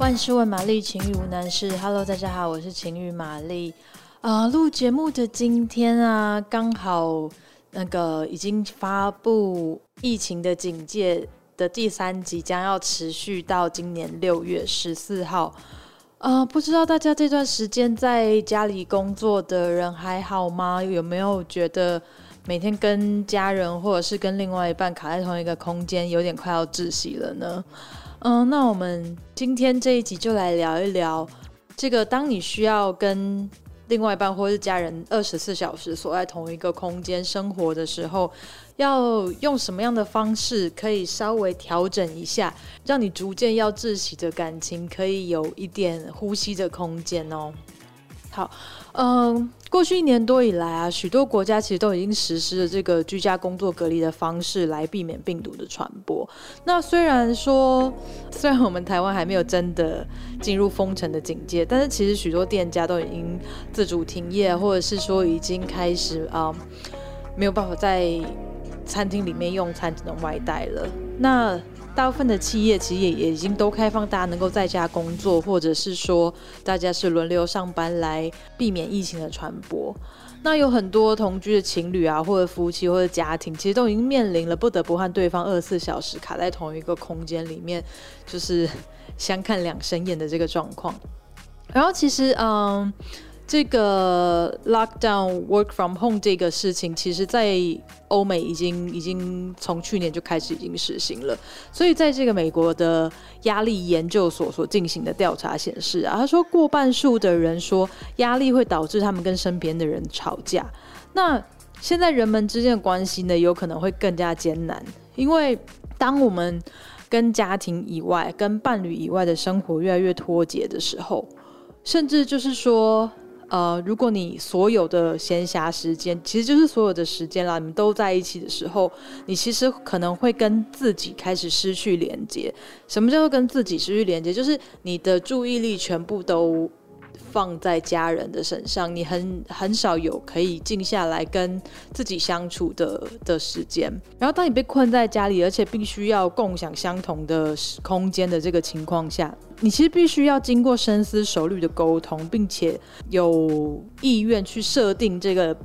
萬事問瑪麗，情慾無難事。Hello，大家好，我是情慾瑪麗。啊、uh,，錄節目的今天啊，剛好那個已經發布疫情的警戒的第三級，將要持續到今年六月十四號。呃、uh,，不知道大家這段時間在家裡工作的人還好嗎？有沒有覺得每天跟家人或者是跟另外一半卡在同一個空間，有點快要窒息了呢？嗯，那我們今天這一集就來聊一聊這個。當你需要跟另外一半或是家人二十四小時鎖在同一個空間生活的時候，要用什麼樣的方式可以稍微調整一下，讓你逐漸要窒息的感情可以有一點呼吸的空間哦。好，嗯，過去一年多以來啊，許多國家其實都已經實施了這個居家工作隔離的方式來避免病毒的傳播。那雖然說，雖然我們台灣還沒有真的進入封城的警戒，但是其實許多店家都已經自主停業，或者是說已經開始啊、嗯，沒有辦法在餐廳裡面用餐，只能外帶了。那大部分的企業其實也也已經都開放，大家能夠在家工作，或者是說大家是輪流上班來避免疫情的傳播。那有很多同居的情侶啊，或者夫妻或者家庭，其實都已經面臨了不得不和對方二十四小時卡在同一個空間裡面，就是相看兩生厭的這個狀況。然後其實嗯。這個 lock down work from home 這個事情，其實，在歐美已經已經從去年就開始已經實行了。所以，在這個美國的壓力研究所所進行的調查顯示啊，他說過半數的人說壓力會導致他們跟身邊的人吵架。那現在人們之間的關係呢，有可能會更加艱難，因為當我們跟家庭以外、跟伴侶以外的生活越來越脫節的時候，甚至就是說。呃，如果你所有的閒暇時間，其實就是所有的時間啦，你們都在一起的時候，你其實可能會跟自己開始失去連接。什麼叫做跟自己失去連接？就是你的注意力全部都。放在家人的身上，你很很少有可以靜下來跟自己相處的的時間。然後，當你被困在家裡，而且必須要共享相同的空間的這個情況下，你其實必須要經過深思熟慮的溝通，並且有意願去設定這個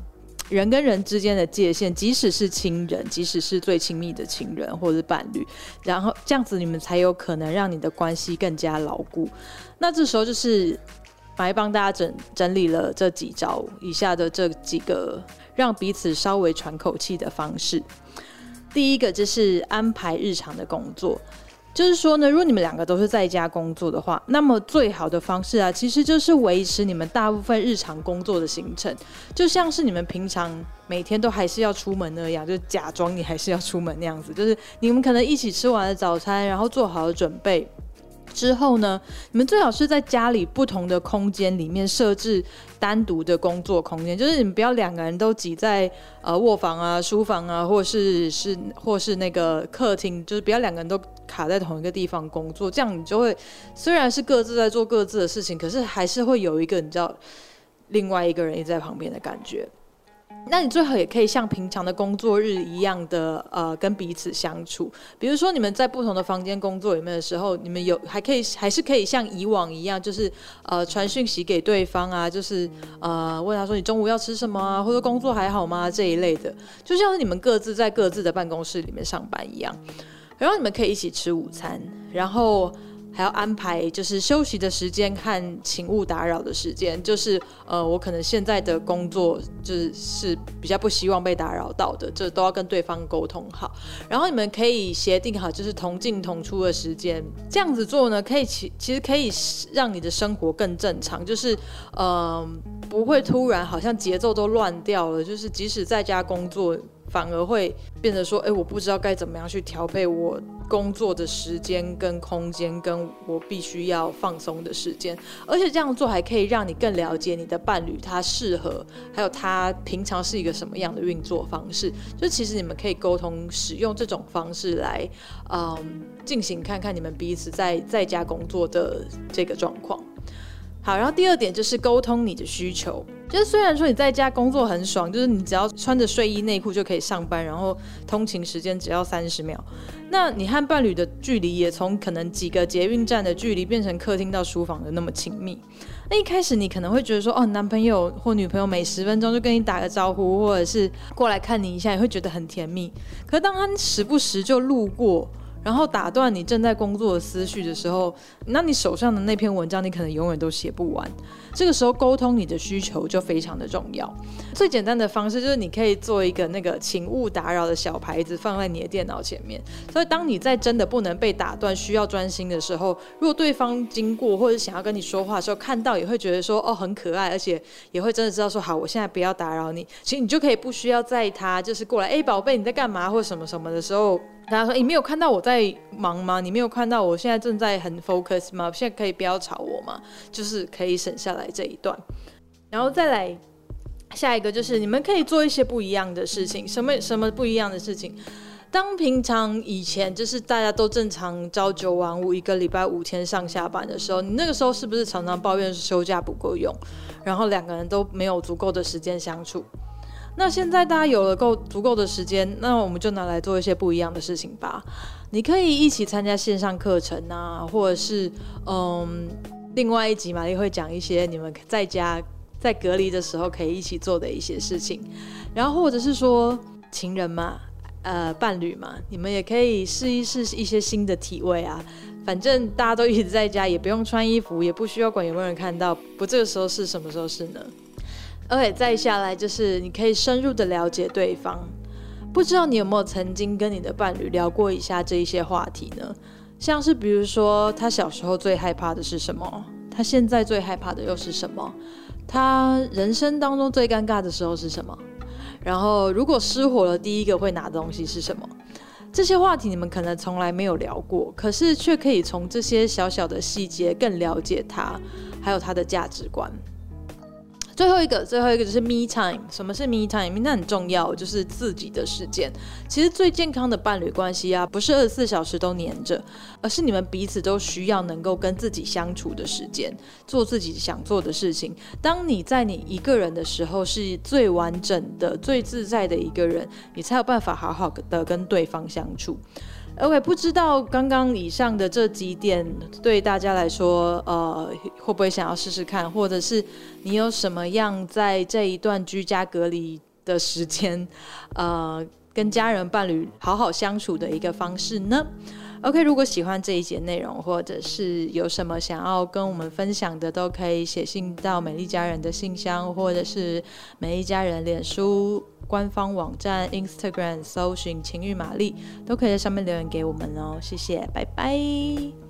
人跟人之間的界限，即使是親人，即使是最親密的情人或者是伴侶，然後這樣子你們才有可能讓你的關係更加牢固。那這時候就是。來幫大家整整理了這幾招以下的這幾個讓彼此稍微喘口氣的方式。第一個就是安排日常的工作，就是說呢，如果你們兩個都是在家工作的話，那麼最好的方式啊，其實就是維持你們大部分日常工作的行程，就像是你們平常每天都還是要出門那樣，就是假裝你還是要出門那樣子，就是你們可能一起吃完了早餐，然後做好了準備。之後呢，你們最好是在家裡不同的空間裡面設置單獨的工作空間，就是你們不要兩個人都擠在呃臥房啊、書房啊，或是是或是那個客廳，就是不要兩個人都卡在同一個地方工作，這樣你就會雖然是各自在做各自的事情，可是還是會有一個你知道另外一個人也在旁邊的感覺。那你最好也可以像平常的工作日一樣的，呃，跟彼此相處。比如說你們在不同的房間工作裡面的時候，你們有還可以還是可以像以往一樣，就是呃傳訊息給對方啊，就是呃問他說，你中午要吃什麼啊，或者工作還好嗎啊，這一類的，就像是你們各自在各自的辦公室裡面上班一樣。然後你們可以一起吃午餐，然後，還要安排就是休息的時間，看請勿打擾的時間，就是呃，我可能現在的工作就是，是比較不希望被打擾到的，這都要跟對方溝通好。然後你們可以協定好，就是同進同出的時間。這樣子做呢，可以其其實可以讓你的生活更正常，就是嗯、呃，不會突然好像節奏都亂掉了。就是即使在家工作，反而會變得說，哎、欸，我不知道該怎麼樣去調配我。工作的時間跟空間，跟我必須要放鬆的時間，而且這樣做還可以讓你更了解你的伴侶，他適合，還有他平常是一個什麼樣的運作方式。就其實你們可以溝通，使用這種方式來，嗯，進行看看你們彼此在在家工作的這個狀況。好，然後第二點就是溝通你的需求。就是雖然說你在家工作很爽，就是你只要穿着睡衣內褲就可以上班，然後通勤時間只要三十秒，那你和伴侶的距離也從可能幾個捷運站的距離變成客廳到書房的那麼親密。那一開始你可能會覺得說，哦，男朋友或女朋友每十分鐘就跟你打個招呼，或者是過來看你一下，你會覺得很甜蜜。可是當他時不時就路過，然後打斷你正在工作的思緒的時候，那你手上的那篇文章你可能永遠都寫不完。這個時候溝通你的需求就非常的重要。最簡單的方式就是你可以做一個那個“請勿打擾”的小牌子放在你的電腦前面。所以當你在真的不能被打斷、需要專心的時候，如果對方經過或者想要跟你說話的時候，看到也會覺得說“哦，很可愛”，而且也會真的知道說“好，我現在不要打擾你”。其實你就可以不需要在意他就是過來，哎，寶貝，你在幹嘛，或者什麼什麼的時候。大家說：“你沒有看到我在忙嗎？你沒有看到我現在正在很 focus 嗎？現在可以不要吵我嗎？就是可以省下來這一段，然後再來下一個，就是你們可以做一些不一樣的事情。什麼什麼不一樣的事情？當平常以前就是大家都正常朝九晚五，一個禮拜五天上下班的時候，你那個時候是不是常常抱怨是休假不夠用，然後兩個人都沒有足夠的時間相處？”那現在大家有了夠足夠的時間，那我們就拿來做一些不一樣的事情吧。你可以一起參加線上課程啊，或者是嗯，另外一集嘛，也會講一些你們在家在隔離的時候可以一起做的一些事情。然後或者是說情人嘛，呃，伴侶嘛，你們也可以試一試一些新的體位啊。反正大家都一直在家，也不用穿衣服，也不需要管有沒有人看到。不這個時候試，什麼時候試呢？OK，再下來就是你可以深入的了解對方。不知道你有沒有曾經跟你的伴侶聊過以下這一些話題呢？像是比如說他小時候最害怕的是什麼，他現在最害怕的又是什麼，他人生當中最尷尬的時候是什麼，然後如果失火了第一個會拿的東西是什麼？這些話題你們可能從來沒有聊過，可是卻可以從這些小小的細節更了解他，還有他的價值觀。最後一個，最後一個就是 me time。什麼是 me time？那很重要，就是自己的時間。其實最健康的伴侶關係啊，不是二十四小時都黏着，而是你們彼此都需要能夠跟自己相處的時間，做自己想做的事情。當你在你一個人的時候，是最完整的、最自在的一個人，你才有辦法好好，好的跟對方相處。OK，不知道剛剛以上的這幾點對大家來說，呃，會不會想要試試看？或者是你有什麼樣在這一段居家隔離的時間，呃，跟家人伴侶好好相處的一個方式呢？OK，如果喜歡這一節內容，或者是有什麼想要跟我們分享的，都可以寫信到美麗佳人的信箱，或者是美麗佳人臉書官方網站、Instagram 搜尋“情慾瑪麗”，都可以在上面留言給我們哦。謝謝，拜拜。